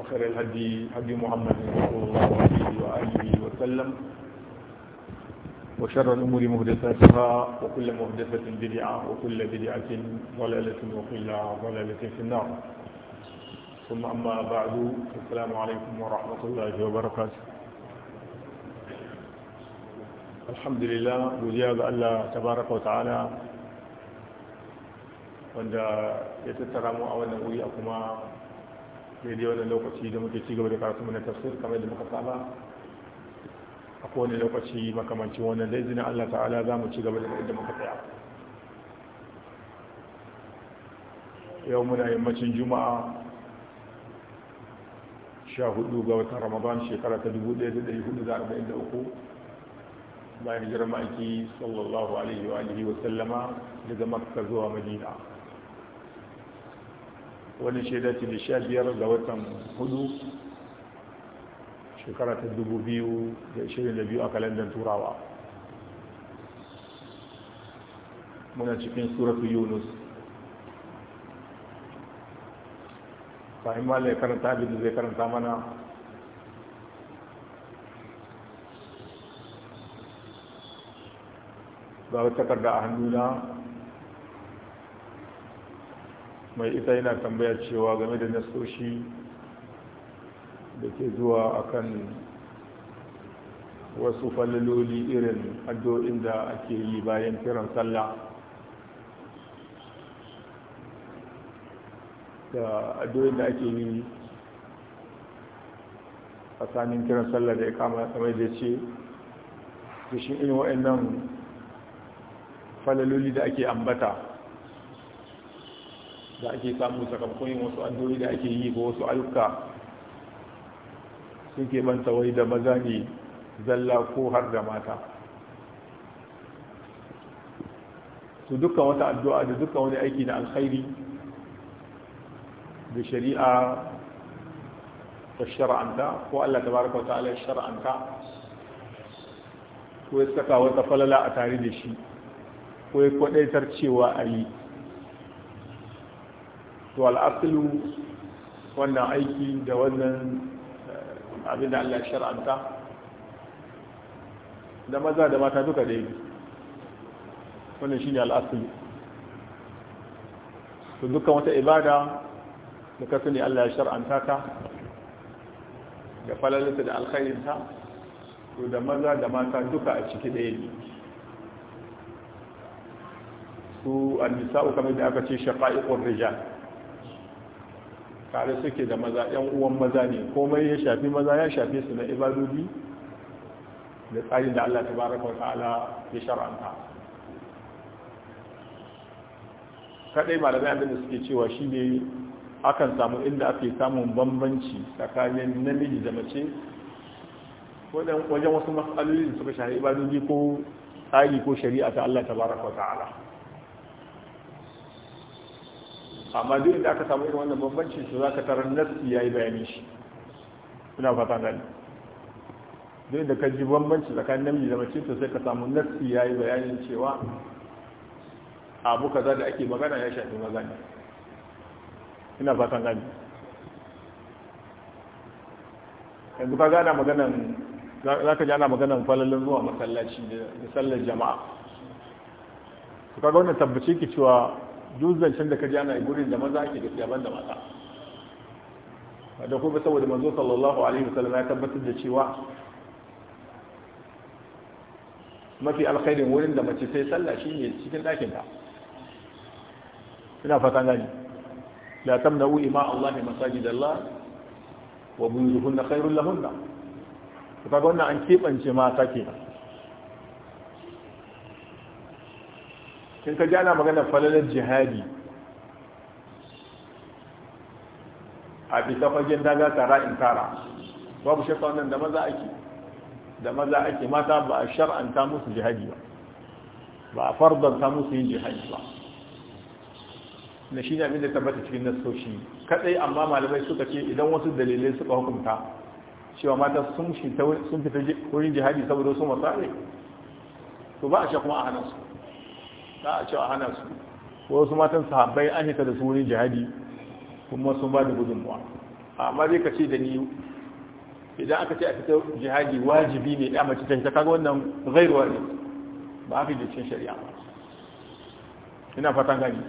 وخير الهدي هدي محمد صلى الله عليه وآله وسلم وشر الأمور مهدثاتها وكل مهدثة بدعة وكل بدعة ضلالة وكل ضلالة في النار ثم أما بعد السلام عليكم ورحمة الله وبركاته الحمد لله godiya الله تبارك وتعالى wa ta'ala wanda ya tattara daidai wannan lokaci da muke cigaba gaba da karatu mana tafsir kamar da muka saba a kowane lokaci makamancin wannan da izinin Allah ta'ala za mu ci da inda muka tsaya yau muna yammacin juma'a sha hudu ga watan ramadan shekara ta 1443 bayan hijirar ma'aiki sallallahu alaihi wa alihi wa sallama daga makka zuwa madina wani shaida ce da sha biyar ga watan hudu shekara ta dubu biyu da ishirin da biyu a kalandar turawa muna cikin suratu yunus fahimma ya karanta abin da zai karanta mana ga wata takarda a hannuna mai ita yana tambaya cewa game da nasoshi da ke zuwa akan wasu falloli irin addu'o'in da ake yi bayan kiran sallah da addu'o'in da ake yi a tsanin kiran sallah da ya kama kamar da ce da shi irin wa'annan falaloli da ake ambata da ake samun sakamakon yin wasu addu'o'i da ake yi ko wasu ayyuka sun ke banta wai da maza ne zalla ko har da mata su dukkan wata addu'a da dukkan wani aiki na alkhairi da shari'a ta shara'anta ko Allah tabaraka wa ta'ala shara'anta ko ya saka wata falala a tare da shi ko ya kwadaitar cewa a yi to al'aqlu wannan aiki da wannan eh, abin da Allah shar'anta da maza da mata duka da yi wannan shi ne al'aqlu to dukkan wata ibada da kasu ne Allah ya shar'anta ta da falalinta da alkhairinta to da maza da mata duka a ciki ɗaya ne su an nisa'u kamar da aka ce shafa'iƙon rijal tare suke da maza yan uwan maza ne komai ya shafi maza ya shafi su na ibadobi da tsarin da Allah tabaraka wa ta'ala ya shar'anta kadai malamai abinda suke cewa shi ne akan samu inda ake samun bambanci tsakanin namiji da mace wajen wasu matsaloli da suka shafi ibadobi ko tsari ko shari'a ta Allah tabaraka wa ta'ala amma duk da aka samu irin wannan bambancin su zaka tarar ya yayi bayani shi ina fata gani duk da ka ji bambanci tsakanin namiji da mace to sai ka samu ya yayi bayanin cewa abu kaza da ake magana ya shafi maza ne ina fatan gani yanzu ka gana maganan za ka gana ana maganan falalin zuwa masallaci da sallar jama'a su ga wannan tabbaci ki cewa duzzancin da ka ana gurin da maza ake gaskiya ban da mata da kuma saboda manzo sallallahu alaihi wasallam ya tabbatar da cewa mafi alkhairin wurin da mace sai sallah shine cikin ɗakin ta ina fata gani la tamna'u ima Allah Allah wa buyuhunna khairul lahunna kaga wannan an kebance mata kenan kin ka ana magana falalar jihadi a fita fagen daga tara in tara babu shakka wannan da maza ake da maza ake mata ba a shar'anta musu jihadi ba ba a fardanta musu yin jihadi ba na shi ne abin da tabbata cikin nasoshi kadai amma malamai suka ce idan wasu dalilai suka hukunta cewa mata sun fita wurin jihadi saboda wasu masare to ba a shakuma a su. za a cewa hana su wasu matan sahabbai an hita da su wurin jihadi kuma sun ba da gudunmuwa amma zai ka ce da ni idan aka ce a fita jihadi wajibi ne ya mace ta kaga wannan gairuwa ne ba a fi cin shari'a ba ina fatan gani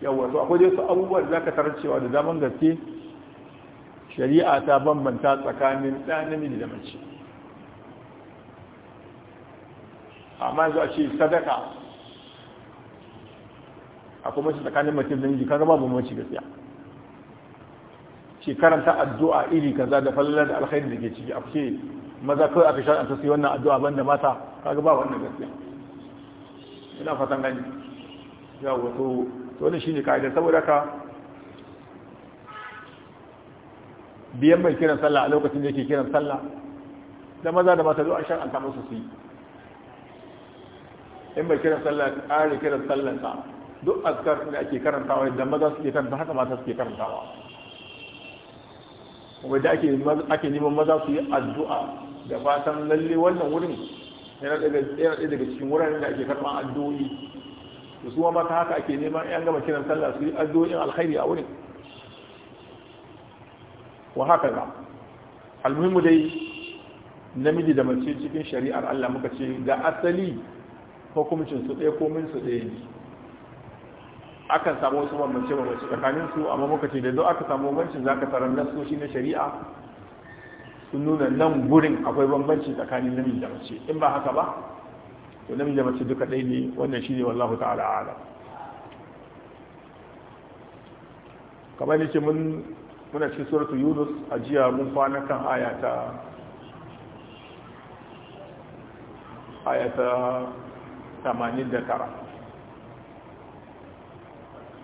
yawon su akwai su abubuwa da zaka tarar cewa da zaman gaske shari'a ta bambanta tsakanin ɗan namiji da mace amma zuwa ce sadaka akwai mace tsakanin mace da miji kaga babu mace gaskiya shi karanta addu'a iri kaza da fallar da alkhairi da ke ciki a ce maza kawai aka shan ta su wannan addu'a banda mata kaga ba wannan gaskiya ina fatan gani ya wato to wannan shine kaida saboda ka biyan mai kiran sallah a lokacin da yake kiran sallah da maza da mata zo a shan an ta musu su yi in mai kiran sallah ƙare kiran sallah sa duk azkar da ake karantawa idan maza suke karanta haka mata suke karantawa kuma da ake ake neman maza su yi addu'a da fatan lalle wannan wurin yana daga yana daga cikin wuraren da ake karɓa addu'o'i to su ma ta haka ake neman yan gama kiran sallah su yi addu'o'in alkhairi a wurin wa haka ga almuhimmu dai namiji da mace cikin shari'ar Allah muka ce ga asali hukuncin su ɗaya komin su ɗaya ne akan samu wasu bambance bambance tsakanin su amma muka ce da zo aka samu bambancin zaka tarar nasoshi na shari'a sun nuna nan gurin akwai bambanci tsakanin namiji da mace in ba haka ba to namiji da mace duka ɗaya ne wannan shi ne wallahu ta'ala a'lam kamar yake mun muna cikin suratul yunus a jiya mun kwana kan aya ta aya ta 89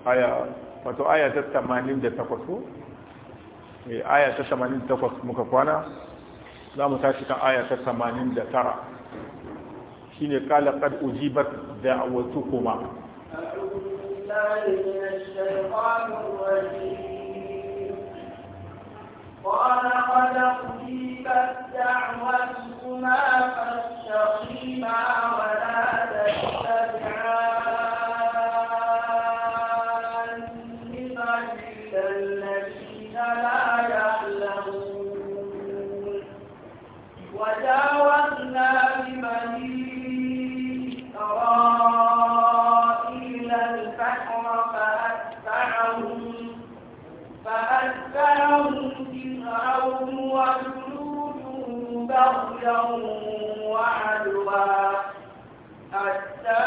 aya wato aya ta 88 ko eh aya ta 88 muka kwana za mu tashi kan aya ta 89 shine qala qad ujibat da'watukuma a'udhu billahi minash shaitanir rajim qala qad لهم وجنود بغيا وعدوا حتى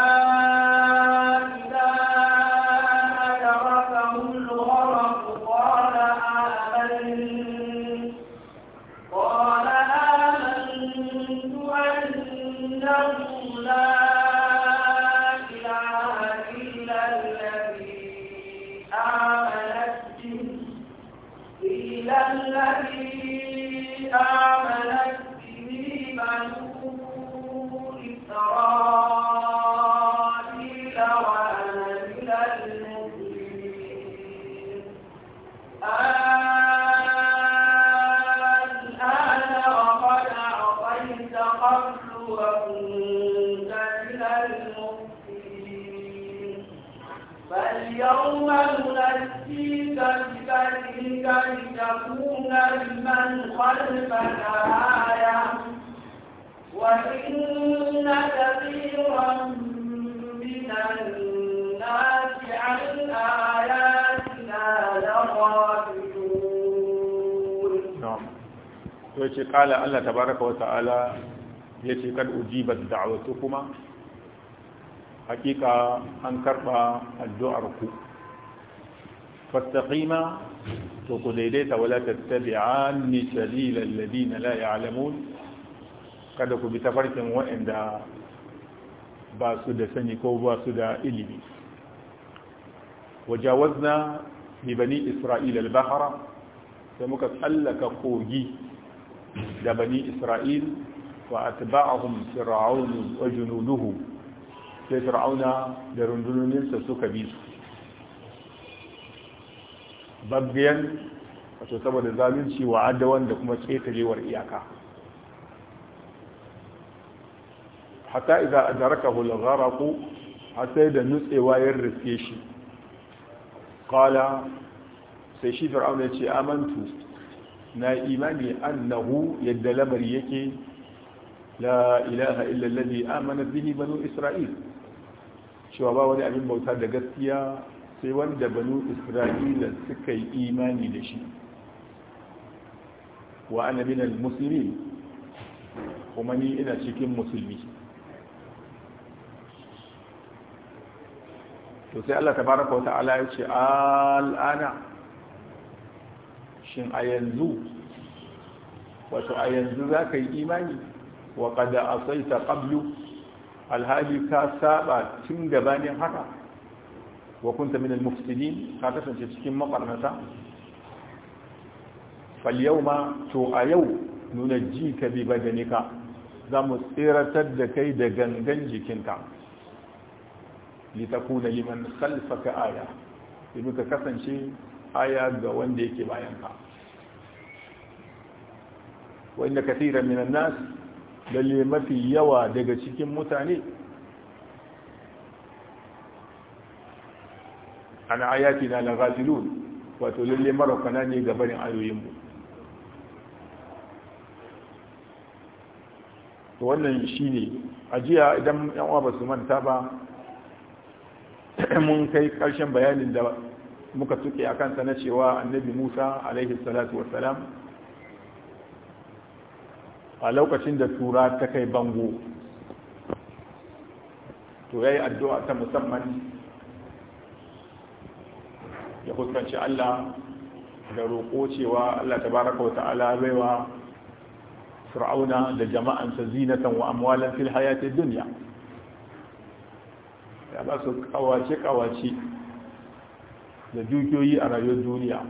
Thank you. ce kala Allah tabaraka wa ta'ala ya ce kad ujibat da'awatu kuma hakika an karba addu'ar ku fastaqima to ku daidaita wala tattabi'ani shalilal ladina la ya'lamun kada ku bi tafarkin waɗanda ba su da sani ko ba su da ilimi wajawazna bi bani isra'ila al-bahra sai muka tsallaka kogi da bani isra'il wa atba'ahum fir'aun wa junuduhu sai fir'auna da rundunoninsa suka bi su babbiyan wato saboda zalunci wa adawan da kuma ketarewar iyaka hatta idza adrakahu al-gharaq hatta da nutsewa ya riske shi qala sai shi fir'auna ya ce amantu na imani annahu yadda lamari yake la ilaha illa allazi amana bihi banu isra'il cewa ba wani abin bauta da gaskiya sai wanda banu isra'ila suka yi imani da shi wa ana min almuslimin kuma ni ina cikin musulmi to sai Allah tabaraka wa ta'ala ya ce al'ana shin a yanzu wato a yanzu za ka yi imani wa kada a sai ta ƙablu alhali ka saba tun gabanin haka wa kunta min al ka kasance cikin makarnata fal yawma to a yau nuna ji ka bi badanika za mu tsiratar da kai da gangan jikinka litakuna liman khalfaka aya domin ka kasance aya ga wanda yake bayan ka wanda kasira minan nas dalil mafi yawa daga cikin mutane ana ayati na lagazilun wato lalle marokana ne gabanin ayoyinmu to wannan shi ne ajiya idan yan uwa ba su manta ba mun kai karshen bayanin da muka tuke a kansa na cewa annabi musa alaihi salatu wasalam a lokacin da tura ta kai bango to ya yi addu'a ta musamman ya fuskanci allah da roƙo cewa allah ta baraka wata alabaiwa fir'auna da jama'ansa zinatan wa amwalan fil hayati duniya ya ba su kawace-kawace da dukiyoyi a rayuwar duniya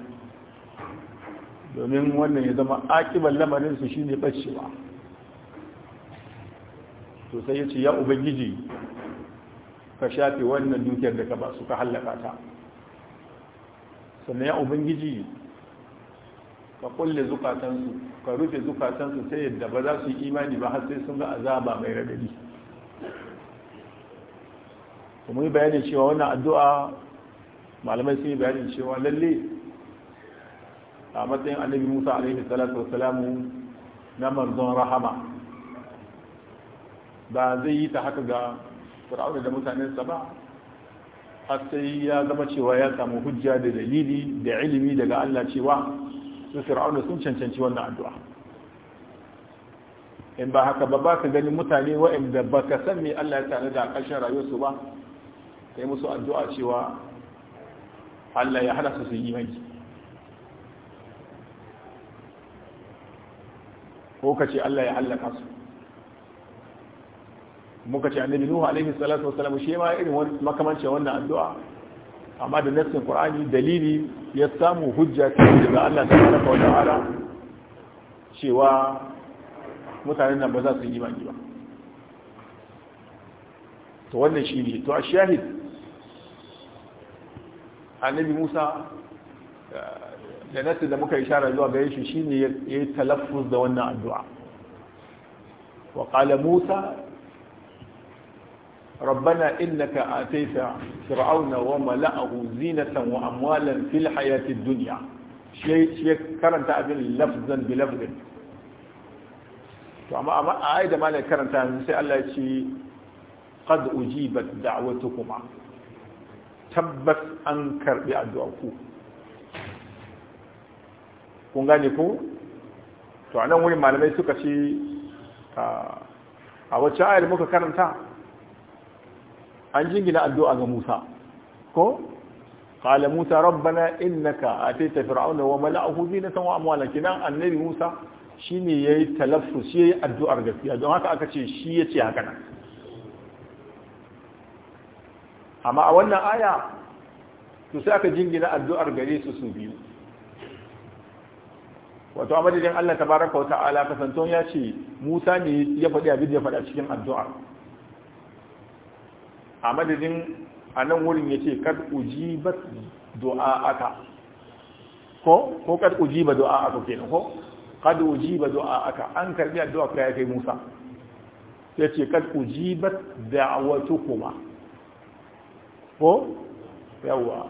domin wannan ya zama akiban lamarinsu shi ne ɓacewa to sai ya ce ya ubangiji ka shafe wannan dukiyar da ka ba su ka hallaka ta sannan ya ubangiji ka kulle zukatansu ka rufe zukatansu sai yadda ba za su yi imani ba har sai sun ga azaba mai radadi kuma yi bayanin cewa wannan addu'a malamai sun yi bayani cewa lalle a matsayin annabi musa alaihi salatu wasalamu na manzon rahama ba zai yi ta haka ga fir'auna da mutanensa ba har sai ya zama cewa ya samu hujja da dalili da ilimi daga allah cewa su fir'auna sun cancanci wannan addu'a in ba haka ba ba ka gani mutane wa'anda ba ka san me allah ya tare da ƙarshen rayuwarsu ba kai musu addu'a cewa Allah ya hana su sun yi manki, ko ka ce Allah ya hallaka su muka ce annabi nuhu alaihi salatu wasallam shi ma irin makamancin wannan addu'a amma da nassin qur'ani dalili ya samu hujja daga Allah subhanahu wa ta'ala cewa mutanen nan ba za su yi manki ba to wannan shi ne to a shahid annabi musa eh, da nasu da muka ishara zuwa gare shi shine ya yi وقال da wannan addu'a wa musa ربنا إنك آتيت فرعون وملأه زينة وأموالا في الحياة الدنيا شيء شيء كرنت أبين لفظا بلفظ فأما أما أعيد ما لك كرنت أبين سأل الله قد أجيبت دعوتكما tabbas an karbi addu'a ku kun gane ku to anan wurin malamai suka ce a wacce ayar muka karanta an jingina addu'a ga Musa ko qala Musa rabbana innaka atayta fir'auna wa mala'ahu zinatan wa amwalan kinan annabi Musa shine yayi talaffus yayi addu'ar gaskiya don haka aka ce shi yace haka nan amma a wannan aya to sai aka jingina addu'ar gare su su biyu wato amadadin Allah tabaraka wa ta'ala kasanton ya ce Musa ne ya faɗi abin da ya faɗa cikin addu'ar amadadin a nan wurin ya ce kad ujibat aka ko ko kad ujiba aka kenan ko kad ujiba aka an karbi addu'a kai kai Musa ya ce kad ujibat da'watukuma ko yawwa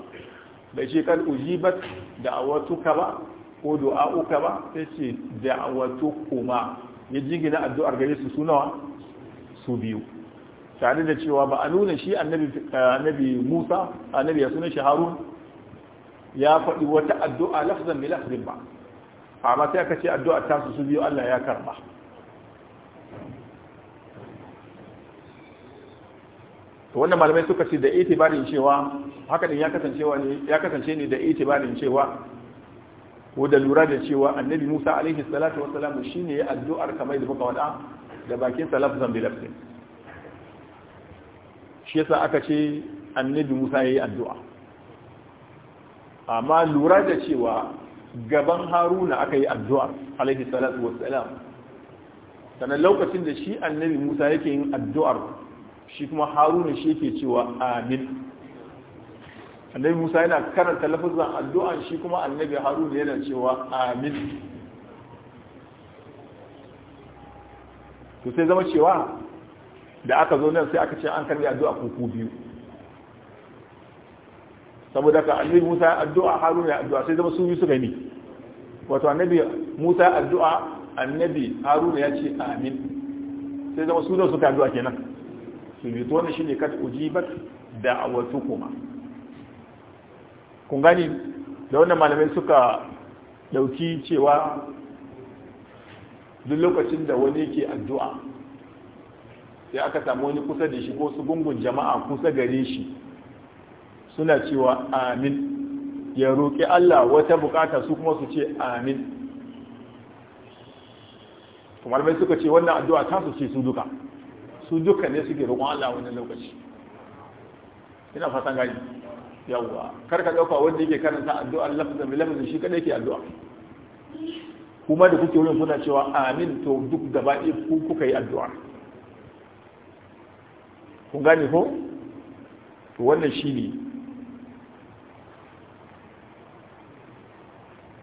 bai ce kan ujibat da'awatuka ba ko du'a'uka ba sai ce da'awatukuma ya jingina addu'ar gare su sunawa su biyu tare da cewa ba a nuna shi annabi Musa annabi ya sunan shi Harun ya faɗi wata addu'a lafzan bi lafzin ba amma sai aka ce addu'a ta su su biyu Allah ya karba to wannan malamai suka ce da itibarin cewa haka din ya kasancewa ne ya kasance ne da itibarin cewa ko da lura da cewa annabi Musa alaihi salatu wassalam shine ya addu'ar kamar da muka wada da bakin salaf zan lafsi shi yasa aka ce annabi Musa yayi addu'a amma lura da cewa gaban Haruna aka yi addu'a alaihi salatu wassalam sannan lokacin da shi annabi Musa yake yin addu'ar shi kuma haruna shi ke cewa amin annabi musa yana karanta lafazan addu'an shi kuma annabi haruna yana cewa amin to sai zama cewa da aka zo nan sai aka ce an karbi addu'a kuku biyu saboda ka annabi musa ya addu'a haruna ya addu'a sai zama su yi su ni wato annabi musa addu'a annabi haruna ya ce amin sai zama su da suka addu'a kenan su bi to shi ne a wasu kuma. kun gani da wannan malamai suka dauki cewa duk lokacin da wani ke addu'a sai aka samu wani kusa da shi ko su gungun jama'a kusa gare shi suna cewa amin ya roƙi Allah wata bukata su kuma su ce amin kuma suka ce wannan addu'a ta su ce su duka su duka ne suke roƙon Allah wani lokaci ina fatan gani yawwa kar ka dauka wanda yake karanta addu'a lafzan bi lafzan shi kada yake addu'a kuma da kuke wurin suna cewa amin to duk gaba ɗaya ku kuka yi addu'a kun gane ko to wannan shine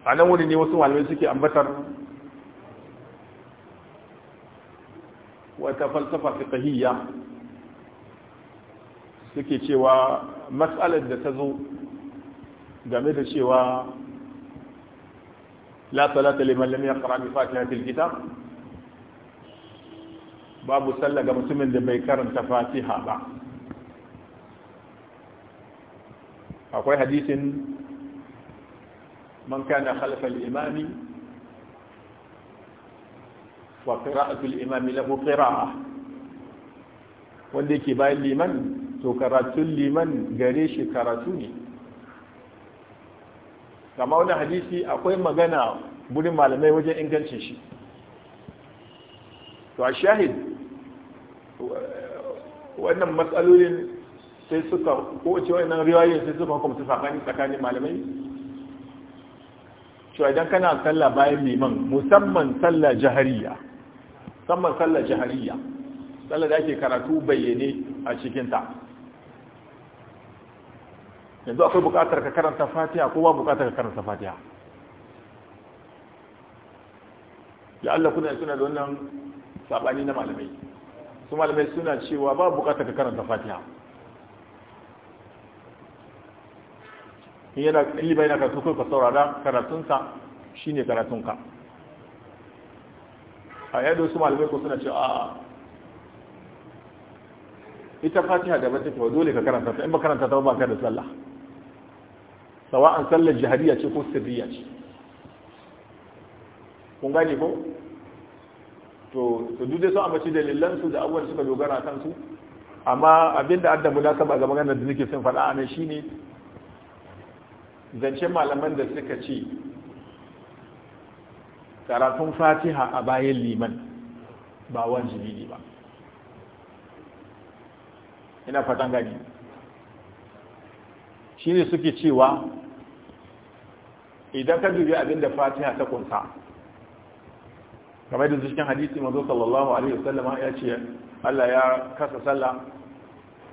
a nan wani ne wasu malamai suke ambatar wata falsafa fiqhiyya suke cewa matsalar da ta zo game da cewa la salata liman lam yaqra bi fatihatil kitab babu sallah ga mutumin da bai karanta fatiha ba akwai hadisin man kana khalfa al wa qira'atul imam lahu qira'a wanda yake bayan liman to karatun liman gare shi karatu ne kamar wani hadisi akwai magana gurin malamai wajen ingancin shi to a shahid wannan matsalolin sai suka ko ce wannan riwayoyin sai suka hukumta tsakanin tsakanin malamai to idan kana sallah bayan liman musamman sallah jahariya musamman sallar jihariya sallar da ake karatu bayyane a cikinta yanzu akwai bukatar ka karanta fatiha ko ba bukatar ka karanta fatiha ya Allah kuna suna da wannan sabani na malamai su malamai suna cewa ba bukatar ka karanta fatiha in yana ilibai na karatu kai ka saurara karatunsa shine karatunka a yadda wasu malamai ko suna cewa a ita fatiha da bata ta dole ka karanta ta in ba karanta ta ba ka da sallah Sawa an sallar jihadiyya ce ko sirriya ce kun gane ko to to duk dai sun da lillan su da abubuwan suka dogara kan su amma abinda adda munasaba ga maganar da nake son faɗa anan shine Zance malaman da suka ce karatun fatiha a bayan liman ba wajibi ne ba ina fatan gani shi ne suke cewa idan ka dubi abinda fatiha ta kunsa kamar da cikin hadisi mazo sallallahu alaihi wasallam ya ce Allah ya kasa sallah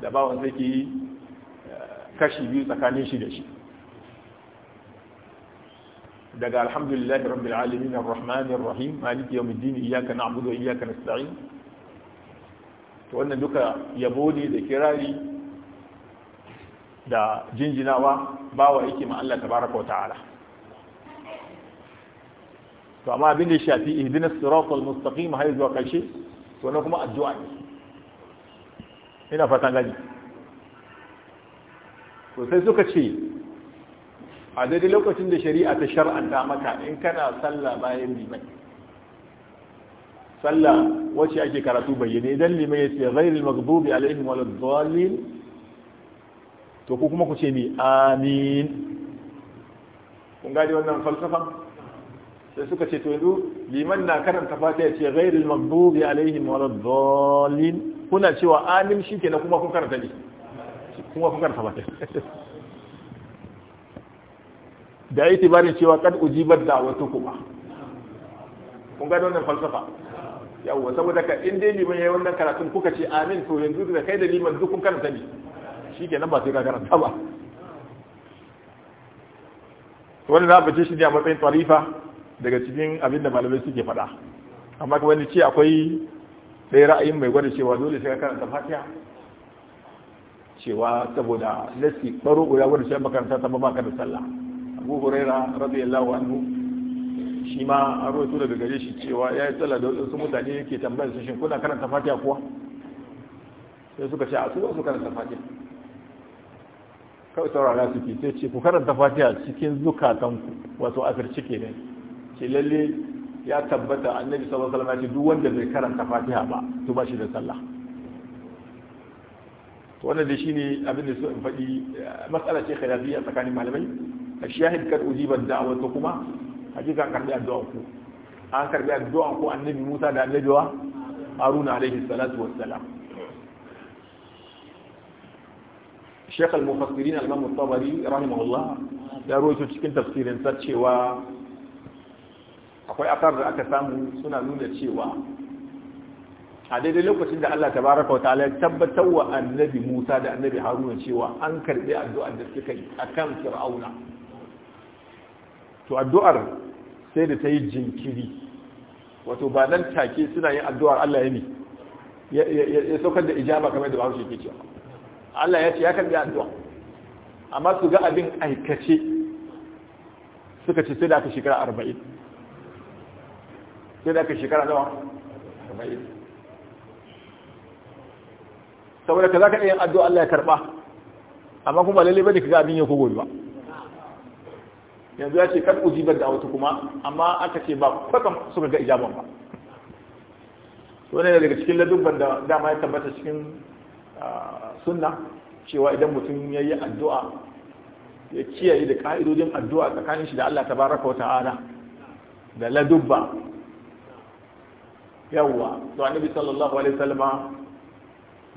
da bawon sai ki eh, kashi biyu tsakanin shi da shi daga alhamdulillahi rabbil alamin arrahmanir rahim maliki yawmiddin iyyaka na'budu wa iyyaka nasta'in to wannan duka yabo ne da kirari da jinjinawa bawa yake ma Allah tabaraka wa ta'ala to amma abin da ya shafi ihdinas siratal mustaqim zuwa to na kuma addu'a suka ce a daidai lokacin da shari'a ta shar'anta maka in kana sallah bayan liman sallah wacce ake karatu bayyane idan liman ya ce ghairil maghdubi alaihim waladdallin to ku kuma ku ce ni amin kun gadi wannan falsafa sai suka ce to yanzu liman na karanta fata ya ce ghairil maghdubi alaihim waladdallin kuna cewa amin shi kenan kuma kun karanta ne kuma kun karanta fata da itibarin cewa kad ujibar kuma, kun gano wannan falsafa yawwa saboda ka in dai liman yayin wannan karatun kuka ce amin to yanzu da kai da liman duk kun karanta ne shikenan ba sai ka karanta ba wani na bace shi ne a matsayin tarifa daga cikin abin da malamai suke faɗa amma ka wani ce akwai ɗaya ra'ayin mai gwada cewa dole sai ka karanta fatiha cewa saboda nasi ɓaro ya gwada a makaranta ta ba ka da sallah abu huraira radiyallahu anhu shi ma an rawaito daga gare shi cewa ya yi tsala, da wasu mutane yake tambayar su shi kuna karanta fatiha kuwa sai suka ce a su su karanta fatiha kawai saurara su ke sai ce ku karanta fatiha cikin ku wato asirci ke ne ce lalle ya tabbata annabi sallallahu alaihi wasallam duk wanda bai karanta fatiha ba to ba shi da sallah wannan da shine abin da su faɗi eh, matsala ce khilafiya tsakanin malamai ashahid kad a da'watu kuma hakika an karbi addu'a ku an karbi addu'a ku annabi Musa da annabi Haruna alaihi salatu wassalam Sheikh al-Mufassirin al-Imam al-Tabari cikin tafsirin akwai akar da aka samu suna nuna cewa a daidai lokacin da Allah tabaraka wa ta'ala tabbatar wa annabi Musa da annabi Haruna cewa an karbi addu'ar da suka yi akan Fir'auna to addu'ar sai da ta yi jinkiri wato ba nan take suna yin addu'ar Allah ya ne ya saukar da ijaba kamar da ba su ke cewa Allah ya ce ya kan yi addu'a amma su ga abin aikace suka ce sai da aka shekara arba'in sai da aka shekara nawa arba'in saboda ka za ka yin addu'a Allah ya karɓa amma kuma lalle ba ne ka ga abin ya kogobi ba yanzu ya ce kan ujibar da wata kuma amma aka ce ba kwatsam suka ga ijaban ba ne daga cikin ladubban da dama ya tabbata cikin ah, sunna cewa idan mutum ya yi addu'a ya kiyaye da ka'idodin addu'a tsakanin shi da Allah ta baraka wata ana da ladubba yawwa to annabi sallallahu alaihi wasallama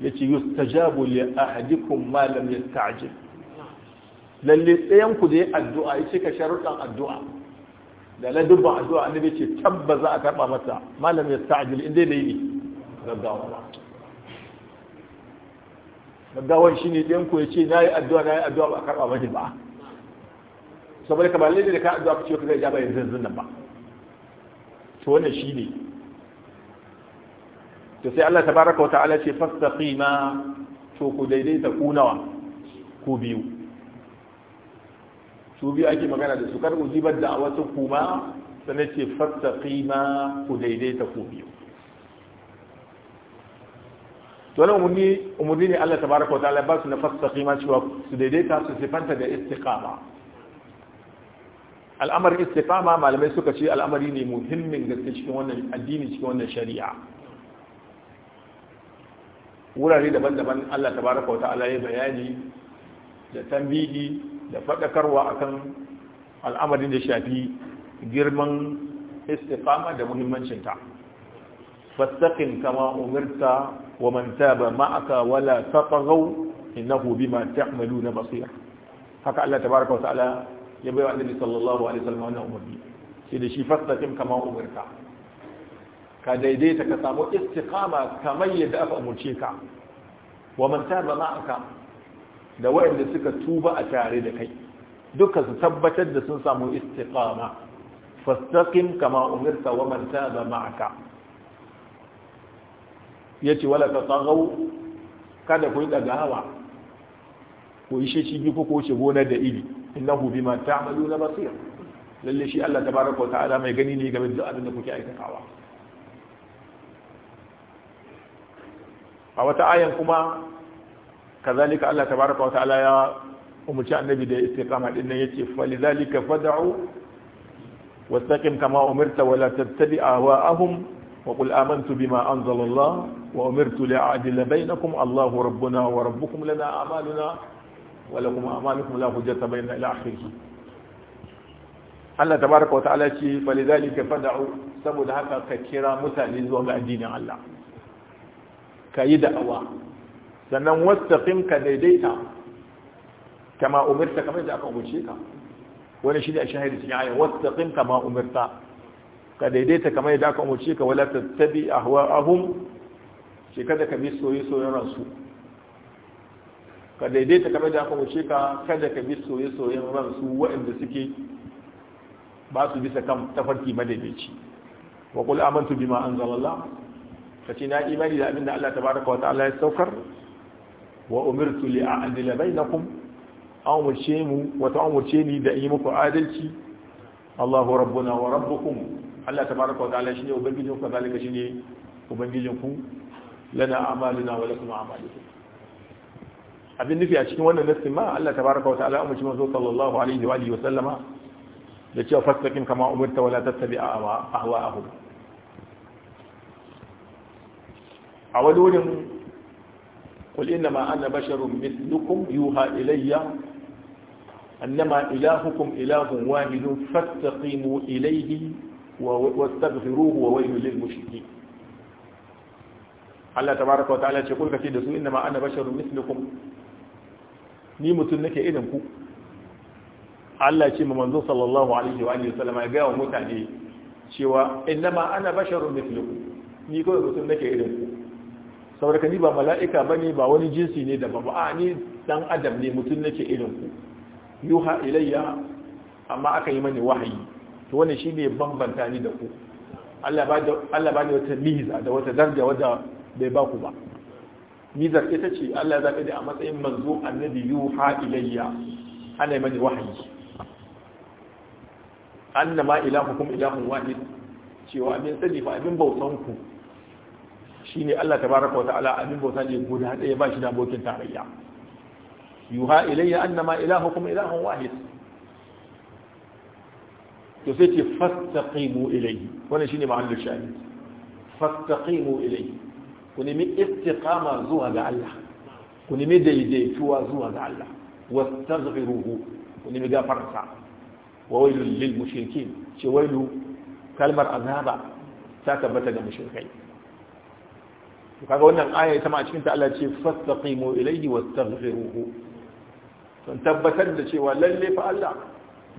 yace yustajabu li ahadikum ma lam yasta'jil lalle ɗayan ku da ya addu'a ya cika sharuɗan addu'a da dubban addu'a annabi ce tabba za a karɓa masa malam ya ta'ajil inda ne, yi gaggawa ba gaggawan shi ne ɗayan ku ya ce na yi addu'a na yi addu'a ba a karɓa mashi ba saboda ka ba lalle da ka addu'a ku ce ka zai jaba yanzu yanzu nan ba to wannan shi ne to sai Allah tabaraka wa ta'ala ce fastaqima to ku daidaita ku nawa ku biyu su biyu ake magana da su kar ujibar da a wasu kuma sana ce fattaki ma ku daidaita ku biyu to nan umarni ne Allah tabaraka wa ta'ala ba su na fattaki ma cewa su daidaita su sifanta da istiqama al'amarin istiqama malamai suka ce al'amari ne muhimmin gaske cikin wannan addini cikin wannan shari'a wurare daban-daban Allah tabaraka wa ta'ala ya bayani da tambihi da faɗakarwa a kan al'amarin da shafi girman istiqama da muhimmancinta fastaqim kama umirta wa man taba ma'aka wala tataghaw innahu bima ta'maluna basir haka Allah tabaaraka wa ta'ala ya bai wa annabi sallallahu alaihi wasallam wannan umarni sai da shi fastaqim kama umirta ka daidaita ka samu istiqama kamar yadda aka umurce ka wa man taba ma'aka da waɗanda suka tuba a tare da kai duka su tabbatar da sun samu istiqama fastaqim kama umirta wa man taba ma'aka yace wala tatagaw kada ku daga hawa ku ishe shi bi ku wuce gona da ili innahu bima ta'maluna basir lalle shi Allah tabaraka wa ta'ala mai gani ne game da abin da kuke aikatawa a wata ayan kuma kazalika Allah tabaraka wa ya umarci annabi da istiqama din nan yace falizalika fad'u wastaqim kama umirta wala tattabi ahwa'ahum wa qul amantu bima anzala Allah wa umirtu li'adila bainakum Allahu rabbuna wa rabbukum lana a'maluna wa lakum a'malukum la hujjata bainana ila akhirih Allah tabaraka wa ta'ala ce falizalika fad'u saboda haka ka kira mutane zuwa addinin Allah kayi da'awa sannan wastaqim ka daidaita kama umirta kamar da aka umarce ka wani shi ne a shahidi cikin aya wastaqim kama umirta ka daidaita kamar da aka umarce ka wala tattabi ahwa'ahum shi kada ka bi soyi soyen su. ka daidaita kamar da aka umarce ka kada ka bi soyi soyen su, waɗanda suke ba su bisa kan tafarki madaidaici wa qul amantu bima anzalallah kace na imani da abin da Allah tabaraka wa ta'ala ya saukar wa umirtu li a'dila bainakum aw mushemu wa ta'amurce ni da yi muku adalci Allahu rabbuna wa rabbukum Allah tabaaraka wa ta'ala shine ubangijin ku zalika shine ubangijin ku lana a'maluna wa lakum a'malukum abin nufi a cikin wannan nassin ma Allah tabaaraka wa ta'ala umurci manzo sallallahu alaihi wa alihi wa sallama da cewa fastaqim kama umirta wala tattabi ahwa'ahum a wani wurin قل إنما أنا بشر مثلكم يوحى إلي أنما إلهكم إله واحد فاستقيموا إليه واستغفروه وويل للمشركين Allah tabaraka wataala ce kulka ce da su inna ma ana basharun mislukum ni mutum nake irin ku Allah ce ma manzo sallallahu alaihi wa alihi wasallam ya ga wa mutane cewa inna ma ana basharun mislukum ni kawai mutum nake irin ku saboda ni ba mala'ika ba ne ba wani jinsi ne daban ba a ni dan adam ne mutum nake irin ku yuha ilayya amma aka yi mani wahayi to wannan shi ne bambanta ni da ku Allah ba ni wata miza da wata darja wadda bai ba ku ba mizar ita ce Allah ya zaɓe da a matsayin manzo annabi yuha ilayya ana yi mani wahayi annama ilahukum ilahun wahid cewa abin sani fa abin bautan ku shine Allah tabaraka wa ta'ala abin bauta ne guda ɗaya ba shi da abokin tarayya yuha ilayya annama ilahukum ilahun wahid to sai ce fastaqimu ilayhi wannan shine ma'anar shani fastaqimu ilayhi ku nemi istiqama zuwa ga Allah ku nemi daidaituwa zuwa ga Allah wastaghfiruhu ku nemi gafarta wa wailul lil mushrikin ce wailu kalmar azaba ta tabbata ga mushrikai to kaga wannan aya ita ma a cikin ta Allah ce fastaqimu ilayhi wastaghfiruhu to tabbatar da cewa lalle fa Allah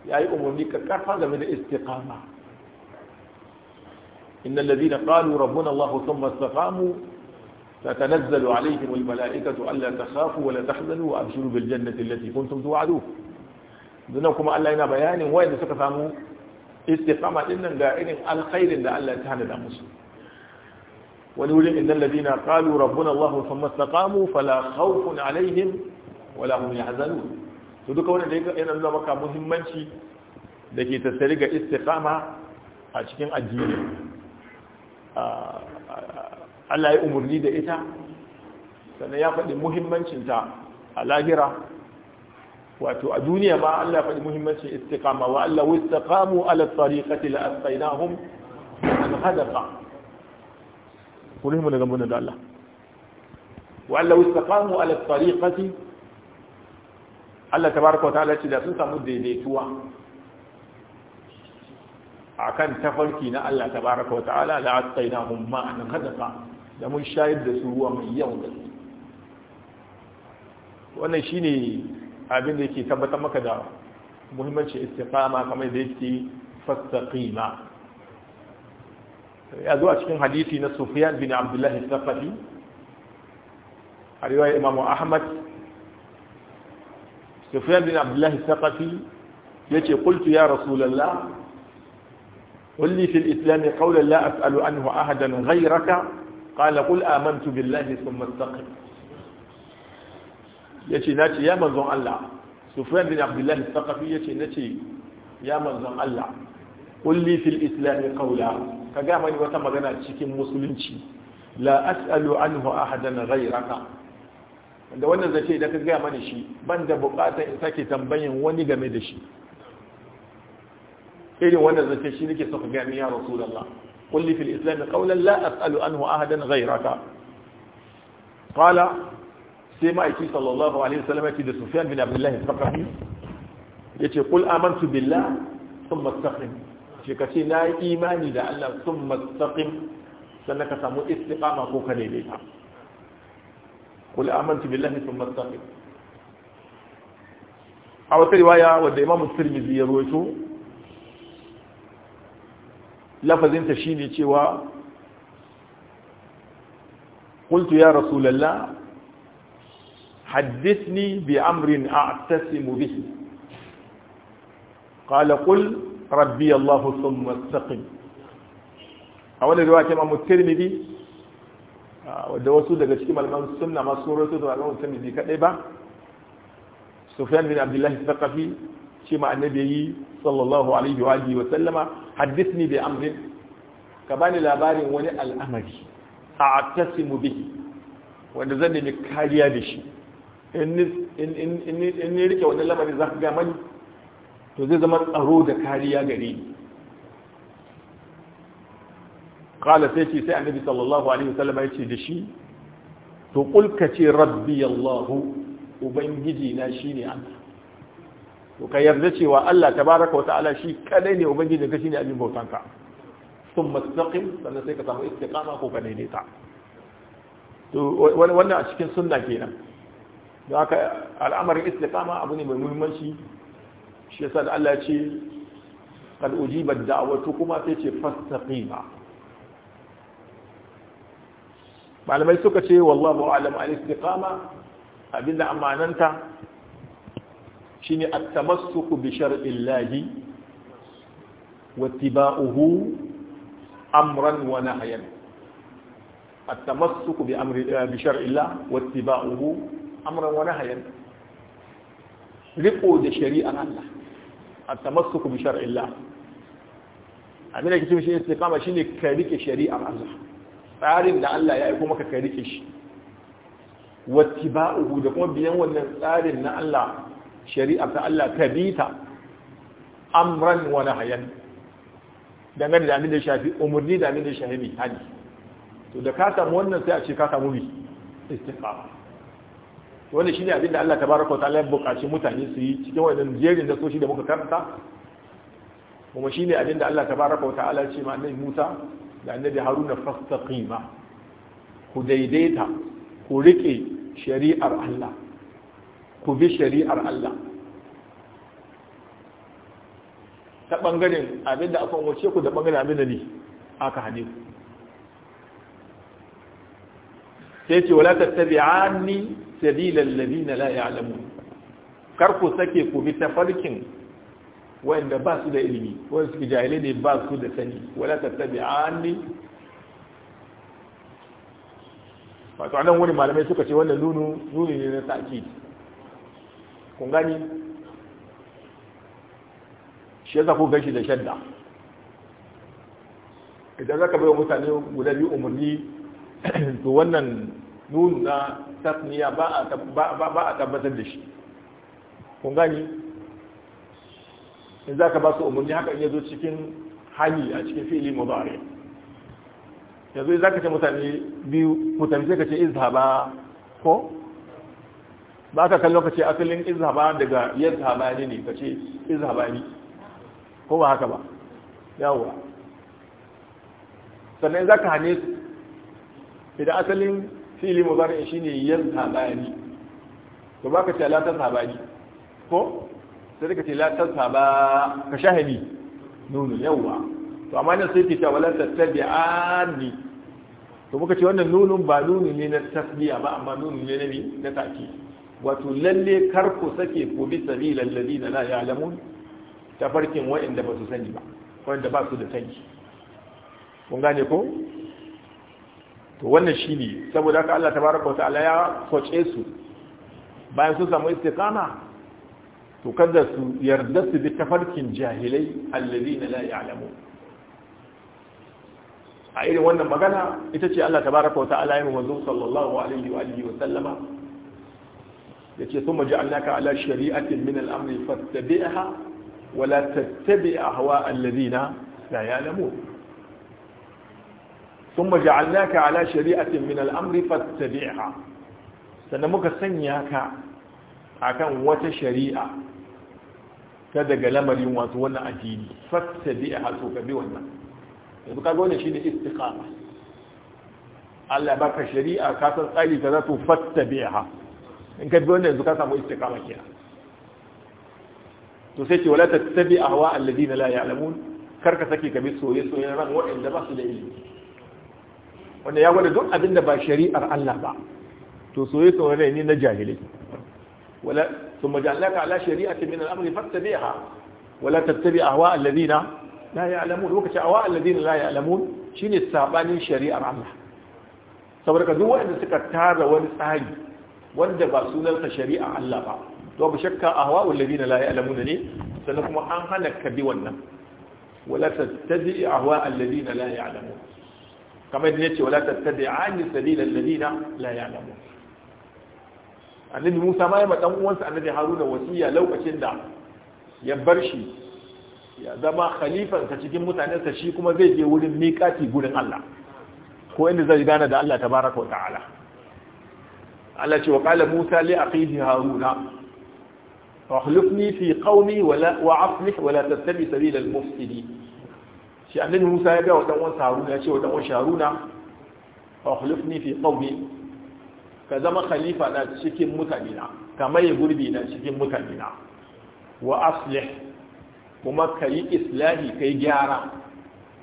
yayi umurni ka karfa game da istiqama innal ladina qalu rabbuna Allah thumma istaqamu تتنزل عليهم الملائكة ألا تخافوا ولا تحزنوا وأبشروا بالجنة التي كنتم توعدون دونكم ألا ينا بيان وين سكتامو استقامة إنن دائرين الخير إن ألا تهند مسلم wani wurin inda ladina qalu rabbuna allah thumma istaqamu fala khawfun alaihim wala hum yahzanun to duka wannan da yana nuna maka muhimmanci da ke tattare ga istiqama a cikin addini Allah ya umurni da ita sannan ya faɗi muhimmancinta a lahira wato a duniya ma Allah ya faɗi muhimmancin istiqama wa Allah wastaqamu ala tariqati la asqainahum an hadaqa ku rahimu da zambuna da Allah wa Allah istaqamu ala tariqati Allah ta wa ta'ala ce da sun samu daidaituwa A kan tafarki na Allah tabaraka wa ta'ala la a nan hadaqa da mun shayar da su ruwa mai yawan su. wannan shi ne abin da yake tabbatar maka da muhimmanci istiqama kamar da yake fastaqima ya zo a cikin hadisi na Sufiyan bin Abdullahi al-Thaqafi a riwayar Imam Ahmad Sufiyan bin Abdullahi al ya ce, kultu ya Rasulullah qul li fil islam qawlan la as'alu anhu ahadan ghayraka qala qul amantu billahi thumma istaqim yace nace ya manzon Allah Sufyan bin Abdullah al-Thaqafi yace nace ya manzon Allah Kulli fil islam qawlan ka ga mani wata magana cikin musulunci la as'alu anhu ahadan ghayraka wanda wannan zace da ka ga mani shi banda bukatar in sake tambayin wani game da shi irin wannan zace shi nake so ka ga ni ya rasulullah qul li fil islam qawlan la as'alu anhu ahadan ghayraka qala sai ma'aiki sallallahu alaihi wasallam yake da Sufyan bin Abdullah al-Thaqafi yace qul amantu billah thumma istaqim shi ka na yi imani da Allah sun mastaƙin sannan ka samu istiƙama ko ka daidaita kul amantu billahi sun mastaƙin a wata riwaya wadda imamu sirmizi ya rawaito lafazinta shine cewa قلت ya رسول الله حدثني بأمر أعتسم به قال قل rabbi Allahu thumma istaqim a wani riwaya ta Imam Tirmidhi da wasu daga cikin malaman sunna masu rawaito da Imam Tirmidhi kadai ba Sufyan bin Abdullahi al-Thaqafi shi ma annabi yi sallallahu alaihi wa alihi wa sallama hadithni bi amrin ka bani labarin wani al'amari a tasimu bihi wanda zan nemi kariya da shi in ni rike wani lamari za ka ga mani to zai zama tsaro da kariya gare ni qala sai ce sai annabi sallallahu alaihi wasallam ya ce da shi to kulka ce rabbi allah ubangiji na shine Allah to ka yarda cewa Allah tabaraka wa ta'ala shi kadai ne ubangiji ka shine abin bautan ka Sun istaqim sannan sai ka samu istiqama ko ka daidaita to wannan a cikin sunna kenan don haka al'amarin istiqama abu ne mai muhimmanci shi yasa da Allah ce qad ujibat da'watu kuma sai ce fastaqima malamai suka ce wallahu a'lam al-istiqama abinda amananta shine at-tamassuku bi shar'illahi wa ittiba'uhu amran wa nahyan التمسك بأمر بشرع amran واتباعه أمرا ونهيا da شريعة Allah. at-tamassuku bi shar'illah abin da kike shi istiqama shine ka rike shari'ar Allah tsarin da Allah ya aika maka ka rike shi wattiba'uhu da kuma biyan wannan tsarin na Allah shari'ar ta Allah ka bita amran wa nahyan dangane da abin da shafi umurni da abin da shafi hani to da ka samu wannan sai a ce ka samu bi istiqama wannan shine abin da Allah tabaraka wa ta'ala ya buƙaci mutane su yi cikin wannan jerin da soshi da muka karanta kuma shine abin da Allah tabaraka wa ta'ala ya ce ma annabi Musa da annabi Haruna fastaqima ku daidaita ku rike shari'ar Allah ku bi shari'ar Allah ta bangaren abin da aka umarce ku da bangaren abin da ne aka hade ku sai ce wala tattabi'ani sabilal ladina la ya'lamun kar ku sake ku bi tafarkin wanda ba su da ilimi wanda suke jahilai ne ba su da sani wala tattabi'ani wato anan wani malamai suka ce wannan nunu nuni ne na ta'kid kun gani shi yasa ku gashi da shadda idan zaka bai wa mutane guda biyu umarni to wannan nunu na tasniya ba a tabbatar da shi kun gani in za ka ba su umarni haka iya zo cikin hali a cikin fili mudari yanzu za ka ce mutane biyu mutane sai ka ce izhaba ko ba ka kallo ka ce asalin izhaba daga yazhaba ne ne ka ce izhaba ne ko ba haka ba yawwa sannan za ka hane su idan asalin shi ne shine yazhabani to baka ce la tazhabani ko sai ka ce la tazhaba ka shahidi nunu yawa to amma nan sai ke wala ta tabi'ani to muka ce wannan nunun ba nunu ne na tasbiya ba amma nunu ne na bi na taki wato lalle kar ku sake ku bi sabilal ladina la ya'lamun ta farkin wa'anda ba su sani ba wa'anda ba su da sani kun gane ko to wannan shine saboda haka Allah tabaraka wa ta'ala ya kwace su bayan sun samu istiqama to kada su yarda su bi tafarkin jahilai alladina la ya'lamu a irin wannan magana ita ce Allah tabaraka wa ta'ala ya manzo sallallahu alaihi wa alihi wa sallama yace thumma ja'alnaka ala shari'atin min al-amri fattabi'ha wa la tattabi' ahwa alladina la ya'lamun ثم جعلناك على شريعة من الأمر فاتبعها sannan muka sanya ka akan wata shari'a ta daga lamarin wato wannan addini fattabi'a to ka bi wannan yanzu ka gode shine istiqama Allah baka shari'a ka san tsari kaza to fattabi'a in ka bi wannan yanzu ka samu istiqama kenan to sai ce hawa karka sake ka bi soyayya soyayya ran ba su da ilimi wanda ya gwada duk abin da ba shari'ar Allah ba to soye wani ne na jahilai wala thumma ja'alaka ala shari'atin min al-amri fattabi'ha wala tattabi' ahwa alladhina la ya'lamun lokaci ahwa alladhina la ya'lamun shine sabanin shari'ar Allah saboda ka duk wanda suka tara wani tsari wanda ba sunansa shari'a Allah ba to ba shakka ahwa alladhina la ya'lamun ne sannan kuma an hana ka bi wannan wala tattabi' ahwa alladhina la ya'lamun kamar yadda yace wala tattabi'ani sabila alladina la ya'lamun annabi Musa ma ya ma dan uwansa annabi Haruna wasiya lokacin da ya bar shi ya zama khalifan sa cikin mutanensa shi kuma zai je wurin miƙati gurin Allah ko inda zai gana da Allah tabaraka wa ta'ala Allah ce wa qala Musa li aqihi Haruna واخلفني في wa ولا واصلح ولا تتبع سبيل المفسدين shi annabi Musa ya ga wa dan ya ce wa dan uwansa Haruna fa fi qawmi ka zama khalifa na cikin mutane na kamar ya gurbi na cikin mutane na wa aslih kuma ka yi islahi ka yi gyara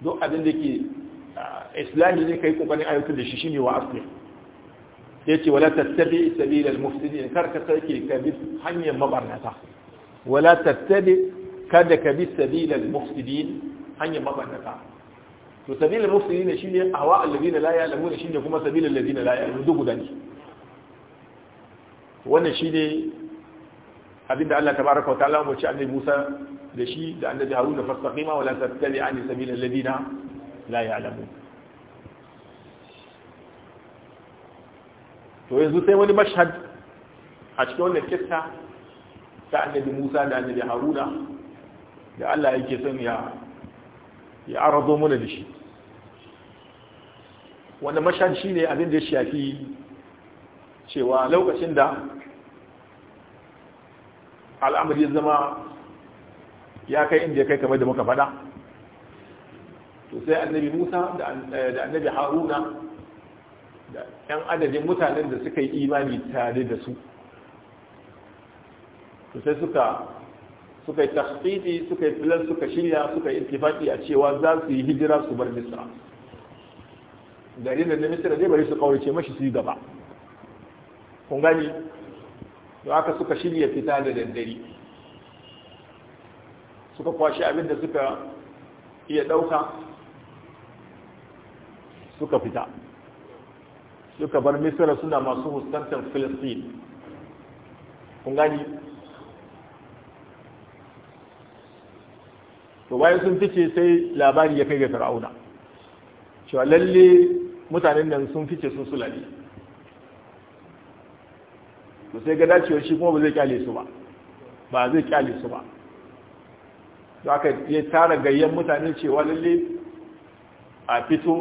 duk abin da ke islahi ne ka yi kokarin ayyukan da shi ne wa aslih ya ce wala tattabi sabilal mufsidin kar ka sake ka bi hanyar mabarnata wala tattabi kada ka bi sabilal mufsidin hanyar mabannata to sabila mufsiri ne shine hawa alladina la shi shine kuma sabilin alladina la ya'lamuna duk guda ne wannan shine abinda Allah tabaaraka wa ta'ala mu ci annabi Musa da shi da annabi Haruna fastaqima wala tattabi ani sabilin alladina la ya'lamu to yanzu sai wani mashhad a cikin wannan kissa ta annabi Musa da annabi Haruna da Allah yake son ya ya arazo muna da shi wanda mashan shi ne abin da ya shafi cewa lokacin da al'amari zama ya kai inda ya kai kamar da muka fada to sai annabi musa eh, da annabi haruna da 'yan adadin mutanen da suka yi imani tare da su to sai suka suka yi tasfiti suka yi filan suka shirya suka yi intifaki a cewa za su yi hijira su bar misra gari da na misra zai bari su kawarce mashi su yi gaba kun gani da haka suka shirya fita da daddare suka kwashe abin da suka iya ɗauka suka fita suka bar misra suna masu fuskantar filistin kun gani to bayan sun fice sai labari ya kai ga fir'auna cewa lalle mutanen nan sun fice sun sulale to sai ga dacewar shi kuma ba zai kyale su ba ba zai kyale su ba to aka ya tara gayyan mutane cewa lalle a fito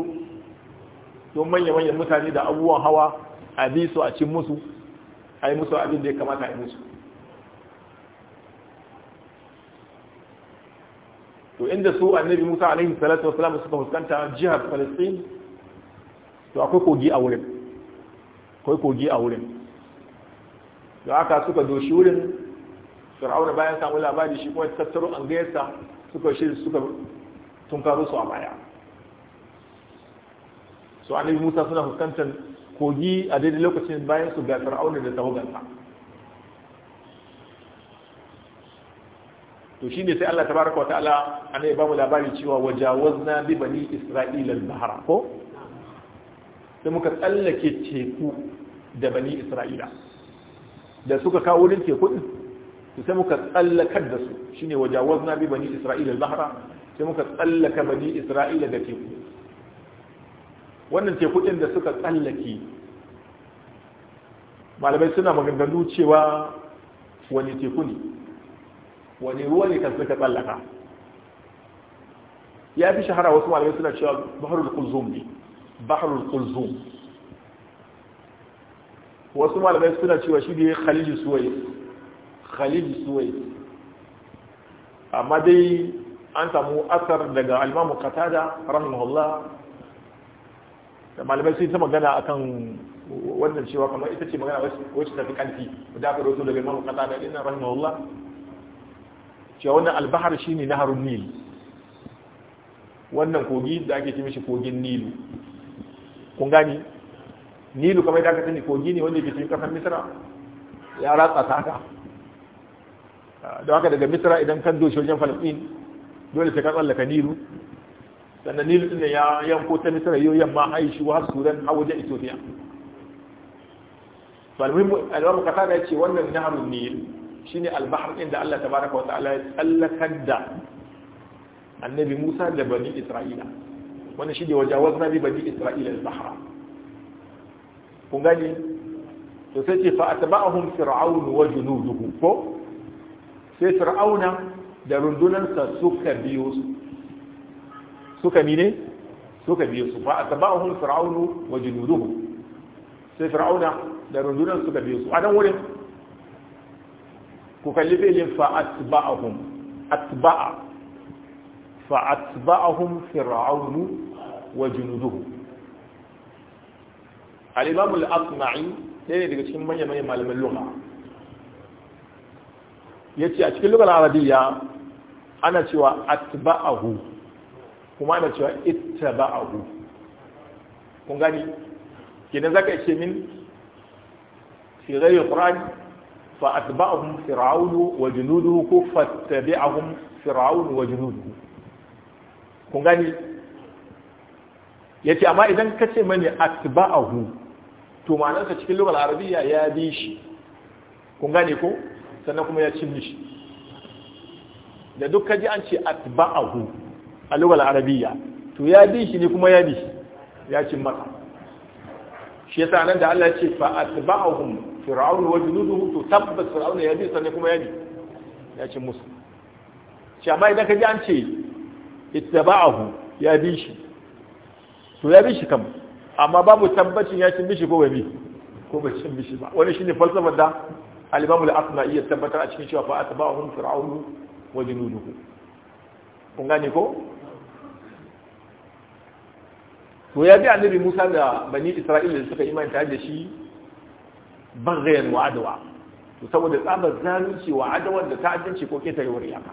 don manya-manyan mutane da abubuwan hawa a bi su a cin musu a yi musu abin da ya kamata a yi musu to inda su annabi musa alaihi salatu wasalam suka fuskanta jihar palestine to akwai kogi a wurin akwai kogi a wurin da aka suka doshi wurin fir'auna bayan samu labari shi kuma tattaro an gaisa suka shi suka tunkaro su a baya so annabi musa suna fuskantar kogi a daidai lokacin bayan su ga fir'auna da tawagarsa to shine sai Allah tabaraka wataala anai ba mu labari cewa wajawazna bi bani isra'ila al-bahra ko sai muka tsallake teku da bani isra'ila da suka kawo wurin teku din sai muka tsallakar da su shine wajawazna bi bani isra'ila al-bahra sai muka tsallaka bani isra'ila da teku wannan teku din da suka tsallake malamai suna maganganu cewa wani teku ne wani ruwa ne kan suka tsallaka ya fi shahara wasu malamai suna cewa baharul kulzum ne baharul kulzum wasu malamai suna cewa shi ne khalil suwai khalil suwai amma dai an samu asar daga almamu qatada rahimahullah da malamai sun ta magana akan wannan cewa kamar ita ce magana wacce ta fi kanti da aka roto daga almamu qatada inna rahimahullah cewa wannan albahar shi ne naharun nil wannan kogi da ake ce mishi kogin nilu kun gani nilu kamar da aka sani kogi ne wanda ke cikin kasar misra ya ratsa ta haka don haka daga misra idan kan doshi wajen falasɗin dole sai ka tsallaka nilu sannan nilu ɗin ya yanko ta misra yau yamma aishi su sudan har wajen ethiopia falmin al'amur kasa da ya ce wannan naharun nil shine al-bahr din da Allah tabaraka wa ta'ala ya tsallakar da annabi Musa da bani Isra'ila wannan shine wajawazna bi bani Isra'ila al-bahra kun gani to sai ce fa atba'ahum fir'aun wa junuduhu ko sai fir'auna da sa suka biyo su suka mine suka biyo su fa atba'ahum fir'aun wa junuduhu sai fir'auna da rundunan suka biyo su a nan wurin ku kalli fi'lin fa’atba’ahun atba'a fa’atba’ahun fir’aunu wa junuduhu al-imam asmai ɗaya daga cikin manyan manyan malaman Ya ce a cikin lugar arabiya ana cewa atba'ahu kuma ana cewa ittaba'ahu kun gani kenan zaka ce min fi ghayr fa atba'ahum fir'aun wa junuduhu ko fattabi'ahum fir'aun wa junuduhu kun gani yace amma idan kace mani atba'ahu to ma'anarsa cikin lugar arabiya ya bi kun gane ko sannan kuma ya cin shi da duk kaji an ce atba'ahu a lugar arabiya to ya kuma ya ya cin yasa nan da Allah ce fa fir'aun wa junuduhu to tabbas fir'aun ya bi sannan kuma ya ya ci musu shi amma idan ka ji an ce ittaba'ahu ya bi shi to ya bi shi kam amma babu tabbacin ya cin bishi ko bai bi ko bai cin bishi ba wani shine falsafar da al-Imam al-Asma'i ya tabbatar a cikin cewa fa atba'ahum fir'aun wa junuduhu kun gane ko to ya bi annabi Musa da bani Isra'ila da suka imanta da shi Bangayen wa adawa to saboda tsabar zalunci wa adawar da ta'addanci ko ketarewar iyaka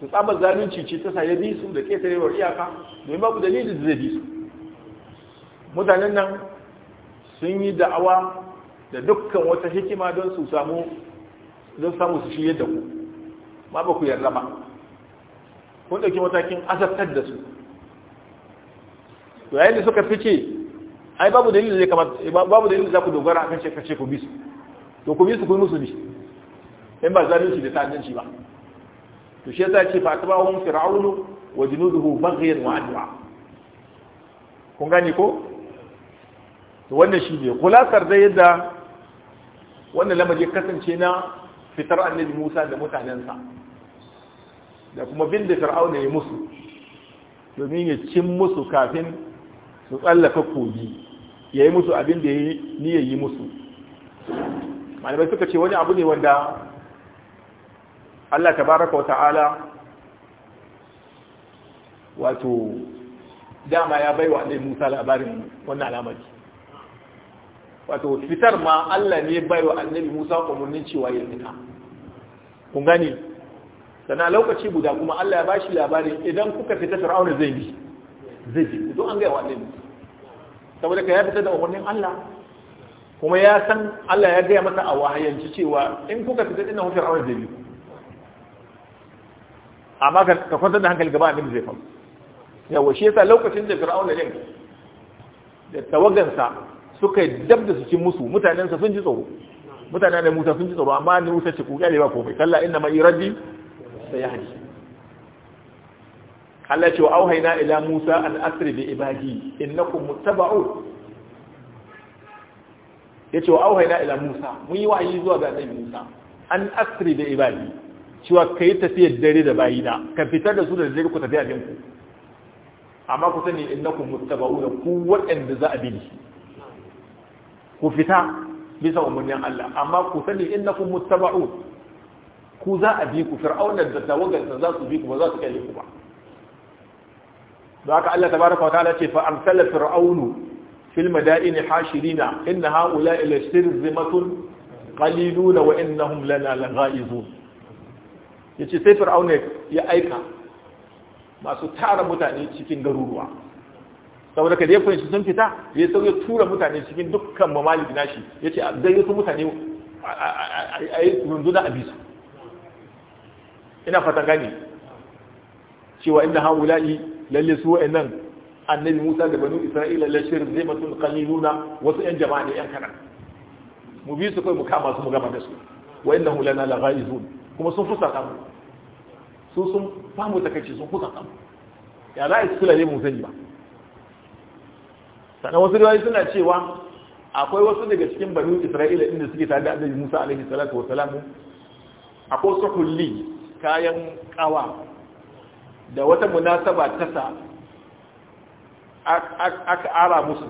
to tsabar zalunci ce ta saye bi su da ketarewar iyaka domin babu dalili da zai bi su mutanen nan sun yi da'awa da dukkan wata hikima don su samu don samu su shirye da ku ma ba ku yarda ba kun ɗauki matakin azabtar da su to yayin da suka fice ai babu dalilin zai kamata babu dalilin za ku dogara akan ce kace ku bi su to ku bi su ku yi musu bi in ba zalunci da ta'addanci ba to shi yasa ce fa tabahum fir'aunu wa junuduhu baghyan wa adwa kun gane ko to wannan shi ne kulasar da yadda wannan lamari ya kasance na fitar annabi Musa da mutanensa da kuma bin da fir'auna ya musu domin ya cin musu kafin su tsallaka kogi ya yi musu abin da ya yi ya yi musu malamai suka ce wani abu ne wanda Allah ta wa wata'ala wato dama ya bai wa annabi Musa labarin wannan alamari wato fitar ma Allah ne bai wa annabi Musa umarnin cewa ya fita kun gani. sana lokaci guda kuma Allah ya bashi labarin idan kuka fita Fir'auna zai bi zai bi don an ga wa annabi Musa saboda ka ya fita da umarnin Allah kuma ya san Allah ya gaya masa a wahayanci cewa in kuka fita ina hufin awon zai biyu amma ka kwantar da hankali gaba a abin zai faru yawa shi yasa lokacin da fir'auna ne da tawagansa suka yi dab da su ci musu mutanensa sun ji tsoro mutanen da musa sun ji tsoro amma ni musa ce ku kyale ba komai kalla inna ma iradi sai ya haji Allah ce wa auhaina ila Musa an asri bi ibadi innakum muttaba'un yace wa auhaina ila Musa mun yi wa'ayi zuwa ga Annabi Musa an asri bi ibadi cewa kai tafiyar dare da bayina ka fitar da su da dare ku tafi abin ku amma ku sani innakum muttaba'un ku waɗanda za a bi ku fita bisa umurnin Allah amma ku sani innakum muttaba'un ku za a bi ku fir'aunar da tawagar za su bi ku ba za su kai ku ba don haka Allah tabaraka wa ta'ala ce fa amsala fir'aunu fil madaini hashirina inna haula ila shirzimatun qaliluna wa innahum lana laghaizun yace sai fir'auna ya aika masu tara mutane cikin garuruwa saboda kada ya fahimci sun fita ya sauya tura mutane cikin dukkan mamalik nashi yace a zai gayyato mutane a yi runduna a bisu ina fatan gani cewa inna haula'i lalle su wa'annan annabi Musa da banu Isra'ila la shirzimatun qaliluna wasu yan jama'a ne yan kana mu bi su kai mu kama su mu gama da su wa innahu lana ghaizun kuma sun fusa kan su sun famu ta kace sun fusa kan ya la isula ne mu sani ba sannan wasu riwayoyi suna cewa akwai wasu daga cikin banu Isra'ila inda suke tare da annabi Musa alaihi salatu wa salam akwai su kayan kawa da wata munasaba ta sa aka ara musu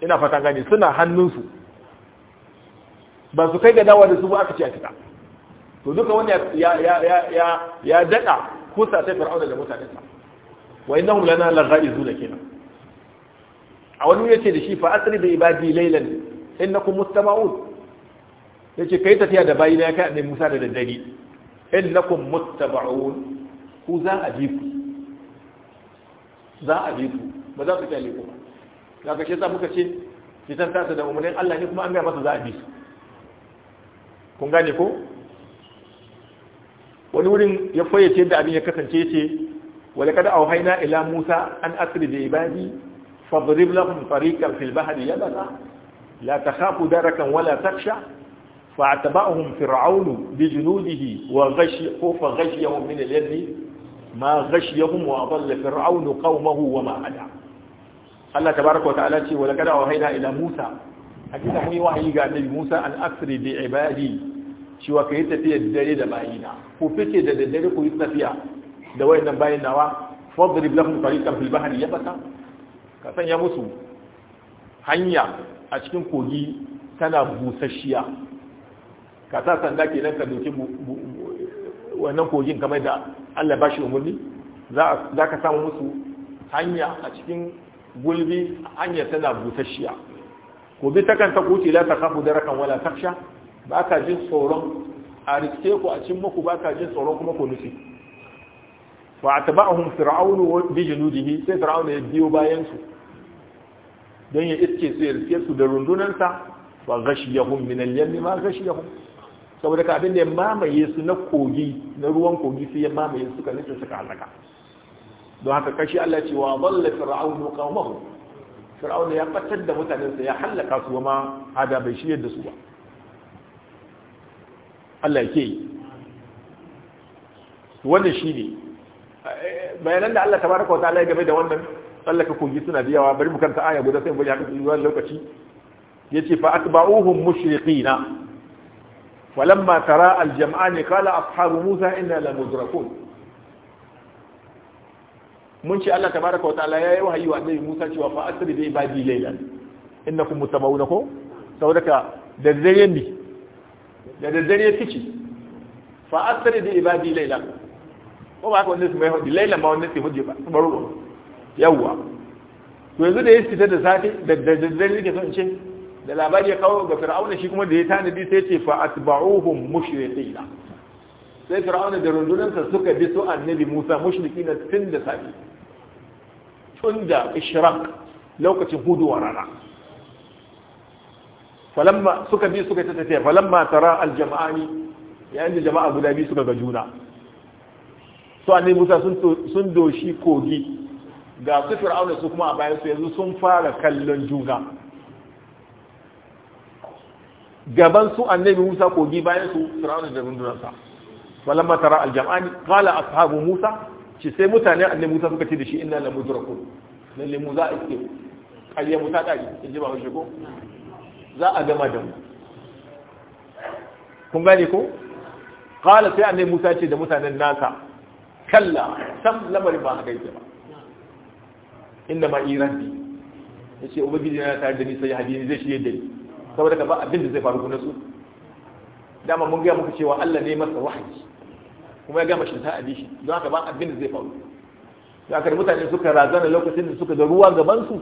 ina fata gani, suna hannunsu ba su kai ga dawa da su ba aka ce a cika. to duka wani ya ya ya ya ya dada kusa ta fir'auna da mutanensa wa innahum lana lagha'izuna kenan a wani yace da shi fa asri bi ibadi laylan innakum mustama'un yace kai tafiya da bayina kai annabi Musa da daddare innakum mustama'un ku za a bi ku za a bi ku ba za su kyale ku ba ga kashe za muka ce fitar tasa da umarnin Allah ne kuma an gaya masa za a bi su kun gane ko wani wurin ya fayyace da abin ya kasance ce wale kada a haina ila musa an asiri da ibadi fadrib lahum tariqan fil bahri yabasa la takhafu darakan wala taksha fa'tabahum fir'aun bi junudihi wa ghashi fa ghashiyahum min al-yadi ma ghashiyahum wa adalla fir'aunu qaumahu wa ma hada Allah tabaaraka wa ta'ala ce wa laqad awhayna ila Musa hakika mun yi wahayi ga annabi Musa an asri bi ibadi cewa kai tafiya da dare da bayina ku fice da daddare ku yi tafiya da wayannan bayin nawa fadrib lahum tariqan fil bahri yabasa ka sanya musu hanya a cikin kogi tana busasshiya ka sa sanda kenan ka doki wannan kogin kamar da Allah ba shi umarni za ka samu musu hanya a cikin gulbi hanyar tana busasshiya ko bi ta kanta kuce la ta kafu darakan wala taksha ba ka jin tsoron a rikice ku a cin muku ba ka jin tsoron kuma ku nufi wa atba'ahum fir'aun bi junudihi sai fir'aun ya biyo bayan su dan ya iske su ya rike su da rundunansa wa ghashiyahum min al-yammi ma ghashiyahum saboda ka abin da ya mamaye su na kogi na ruwan kogi sai ya mamaye su kan su suka halaka don haka kashi Allah ce wa fir'aun fir'aunu qaumahu fir'aun ya fatar da mutanen sa ya halaka su ma hada bai shi yadda su ba Allah yake yi wannan shine bayanan da Allah tabaraka wa ta'ala ya game da wannan tsallaka kogi suna biyawa bari mu kanta aya guda sai mu bari haka zuwa lokaci yace fa atba'uhum mushriqina falamma tara aljam'ani qala ashabu musa inna la mudrakun mun ce Allah tabaraka wa ta'ala yayi wahayi wa annabi Musa cewa fa asri bi ibadi laylan innakum mutabawuna ko saboda da dare ne da dare kici fa asri bi ibadi ko ba ka wanda su mai hudi laylan ma wanda su hudi ba baro yawa to yanzu da ya fita da safe da dare yake son ce da labari ya kawo ga fir'auna shi kuma da ya tanadi sai ce fa atba'uhum mushriqina sai fir'auna da rundunansa suka bi su annabi Musa mushrikina tun da safi tun da ishraq lokacin wa rana falamma suka bi suka tattace falamma tara aljama'ani yayin da jama'a guda biyu suka ga juna su annabi Musa sun doshi kogi ga su fir'auna su kuma a bayan su yanzu sun fara kallon juna gaban su annabi Musa kogi bayan su Fir'auna da rundunarsa walamma tara aljam'ani qala ashabu Musa ci sai mutane annabi Musa suka ce da shi inna la mudrakun lalle mu za a iske kariya mu ta dadi in ji ba shi ko za a gama da mu kun gane ko qala sai annabi Musa ce da mutanen nasa kalla sam lamarin ba haka yake ba inda ma iran ce yace ubangiji yana tare da ni sai hadini zai shi yadda ni saboda ka ba abin da zai faru kuna su dama mun gaya muku cewa Allah ne masa wahayi kuma ya gama shinta abin shi don haka ba abin da zai faru da aka mutane suka razana lokacin da suka da ruwa gaban su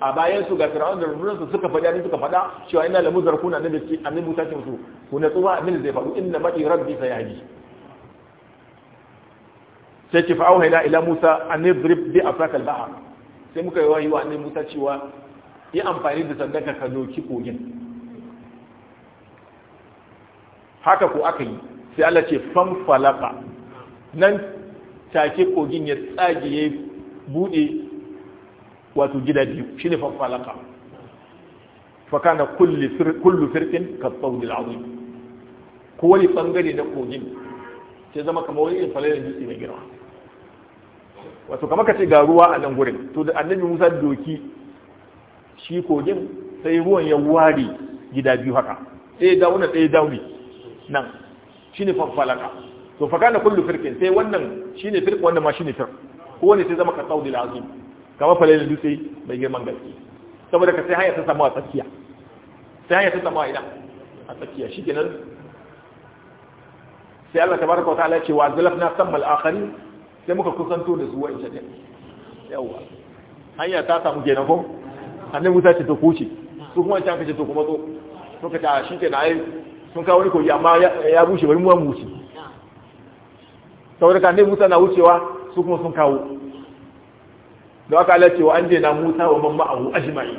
a bayan su ga fir'aun da su suka faɗa ne suka faɗa cewa ina lamu zarku ne da annabi musa ce su ku na tsuwa abin da zai faru inna ma'i rabbi sayahdi sai ki fa'auhaina ila musa an yadrib bi afraqal bahr sai muka yi wayi wa annabi musa cewa yi amfani da sandaka ka doki kogin haka ko aka yi sai Allah ce fan falaka nan take kogin ya tsage ya bude wato gida biyu shine fan falaka fa kana kulli kullu firqin ka tsawdil azim ko wani bangare na kogin sai zama kamar wani falalin dutse mai girma wato kamar ka ce ga ruwa a nan gurin to da annabi Musa doki shi kogin sai ruwan ya ware gida biyu haka ɗaya dauna ɗaya dauni nan shi ne falaka to faka na kullu firkin sai wannan shi ne firkin wannan ma shi ne fir wani sai zama kasau da lazim kama da dutse mai girman gaske saboda ka sai hanya ta samu a tsakiya sai hanya ta samu a ina a tsakiya shi kenan sai Allah ta wa ta'ala cewa ce wa zalafna sammal akhari sai muka kusanto da su wa'in shaɗin yawa hanya ta samu kenan ko annabi Musa ce to kuce su kuma ta kace to kuma zo suka ta shi ke na ai sun kawo ni koyi. amma ya bushe bari mu mu wuce saboda annabi Musa na wucewa su kuma sun kawo da aka Allah wa an na Musa wa man ma'ahu ajma'i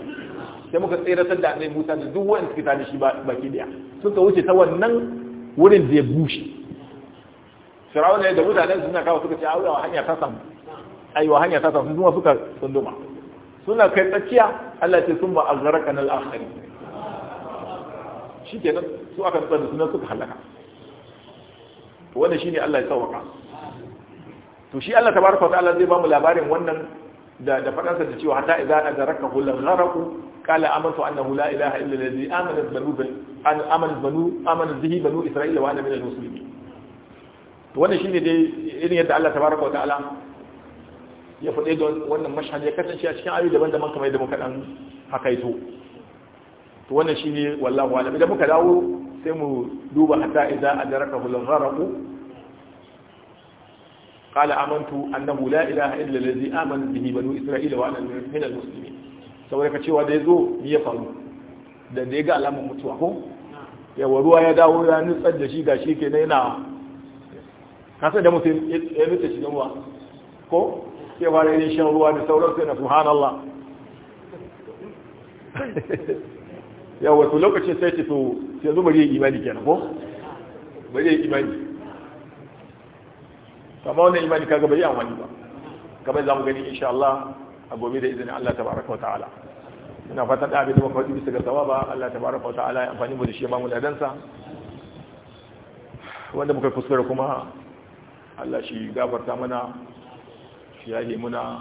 sai muka tsiratar da annabi Musa da duk wanda suke tani shi baki daya ka wuce ta wannan wurin da ya bushe firawuna da mutanen suna kawo suka ce a wa hanya ta samu wa hanya ta samu zuwa suka sunduma suna kai tsakiya Allah ce sun ba a zara kanal akhari shi kenan su aka tsada suna suka halaka to shi ne Allah ya sauka to shi Allah tabaraka kwata Allah zai ba mu labarin wannan da da da cewa hatta idan a hul gharaqu qala amantu annahu la ilaha illa allazi amana banu an amana banu amana bihi banu isra'ila wa ana min al-muslimin shi ne dai irin yadda Allah tabaraka wa ta'ala ya faɗe da wannan mashahad ya kasance a cikin ayu daban-daban kamar yadda muka ɗan hakaito to wannan ne wallahu alam idan muka dawo sai mu duba hatta a daraka hulun gharq Kala amantu annahu la ilaha illa allazi amana bihi banu isra'ila wa ana min al-muslimin saboda ka cewa da yazo ni ya faru da da ga alamun mutuwa ko ya waruwa ya dawo ya nutsar da shi gashi kenan yana kasa da mutum ya nutsa shi ko sai da irin shan ruwa da sauran sai na subhanallah ya to lokacin sai ce to yanzu bari yi imani kenan ko bari yi imani kama wannan imani kaga gaba yi wani ba kamar za mu gani insha Allah a gobe da izini Allah tabaraka wa ta'ala ina fatan da abin da muka faɗi bisa ga ba Allah tabaraka wa ta'ala ya amfani mu da shi ya mu ladansa wanda muka kuskure kuma Allah shi gafarta mana shi muna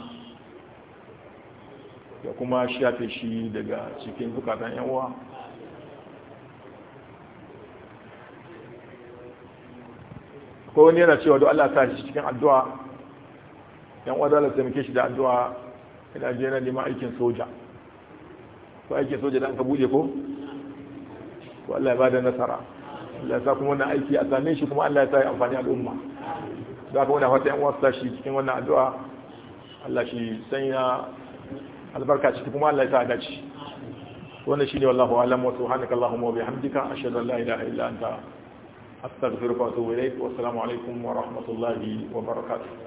da kuma shafe shi daga cikin zukatan yawa ko wani yana cewa da Allah ta shi cikin addu'a yan uwa zala taimake shi da addu'a yana je na neman aikin soja ko aikin soja da an ka buɗe ko ko Allah ya bada nasara Allah ya sa kuma wannan aiki a same shi kuma Allah ya sa ya amfani al'umma za ka wani fata yan uwa su tashi cikin wannan addu'a Allah shi sanya albarka ciki kuma Allah ya sa dace wannan shine wallahu a'lam wa subhanaka allahumma wa bihamdika ashhadu an la ilaha illa anta astaghfiruka wa atubu ilaik wa assalamu alaikum wa rahmatullahi wa barakatuh